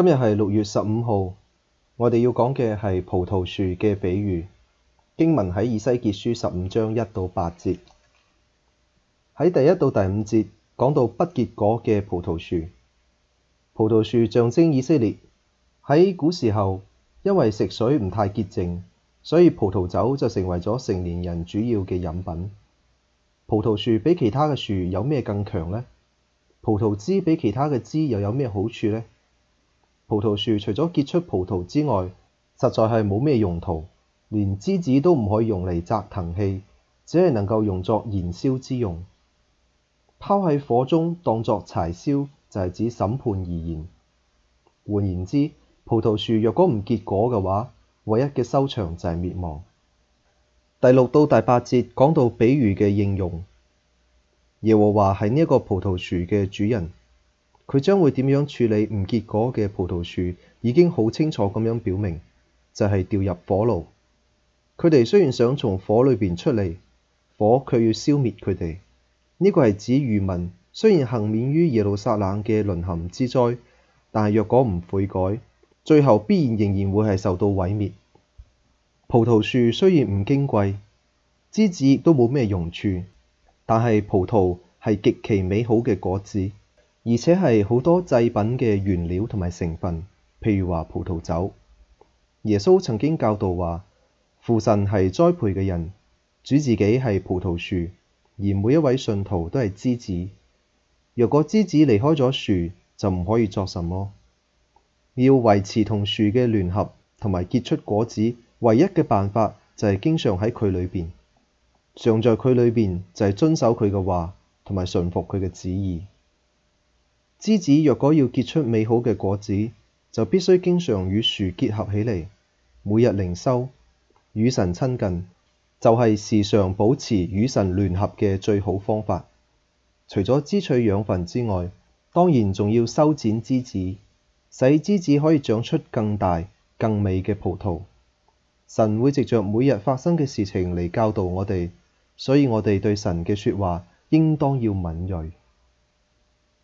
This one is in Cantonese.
今日係六月十五號，我哋要講嘅係葡萄樹嘅比喻。經文喺以西結書十五章一到八節，喺第一到第五節講到不結果嘅葡萄樹。葡萄樹象徵以色列。喺古時候，因為食水唔太潔淨，所以葡萄酒就成為咗成年人主要嘅飲品。葡萄樹比其他嘅樹有咩更強呢？葡萄汁比其他嘅汁又有咩好處呢？葡萄樹除咗結出葡萄之外，實在係冇咩用途，連枝子都唔可以用嚟摘藤器，只係能夠用作燃燒之用，拋喺火中當作柴燒就係指審判而言。換言之，葡萄樹若果唔結果嘅話，唯一嘅收場就係滅亡。第六到第八節講到比喻嘅應用，耶和華係呢一個葡萄樹嘅主人。佢將會點樣處理唔結果嘅葡萄樹？已經好清楚咁樣表明，就係掉入火爐。佢哋雖然想從火裏邊出嚟，火卻要消滅佢哋。呢個係指餘民，雖然幸免於耶路撒冷嘅淪陷之災，但係若果唔悔改，最後必然仍然會係受到毀滅。葡萄樹雖然唔矜貴，枝子都冇咩用處，但係葡萄係極其美好嘅果子。而且係好多製品嘅原料同埋成分，譬如話葡萄酒。耶穌曾經教導話：父神係栽培嘅人，主自己係葡萄樹，而每一位信徒都係枝子。若果枝子離開咗樹，就唔可以作什麼。要維持同樹嘅聯合同埋結出果子，唯一嘅辦法就係經常喺佢裏邊。常在佢裏邊就係遵守佢嘅話同埋順服佢嘅旨意。枝子若果要結出美好嘅果子，就必須經常與樹結合起嚟，每日靈修，與神親近，就係時常保持與神聯合嘅最好方法。除咗支取養分之外，當然仲要修剪枝子，使枝子可以長出更大、更美嘅葡萄。神會藉着每日發生嘅事情嚟教導我哋，所以我哋對神嘅說話，應當要敏銳。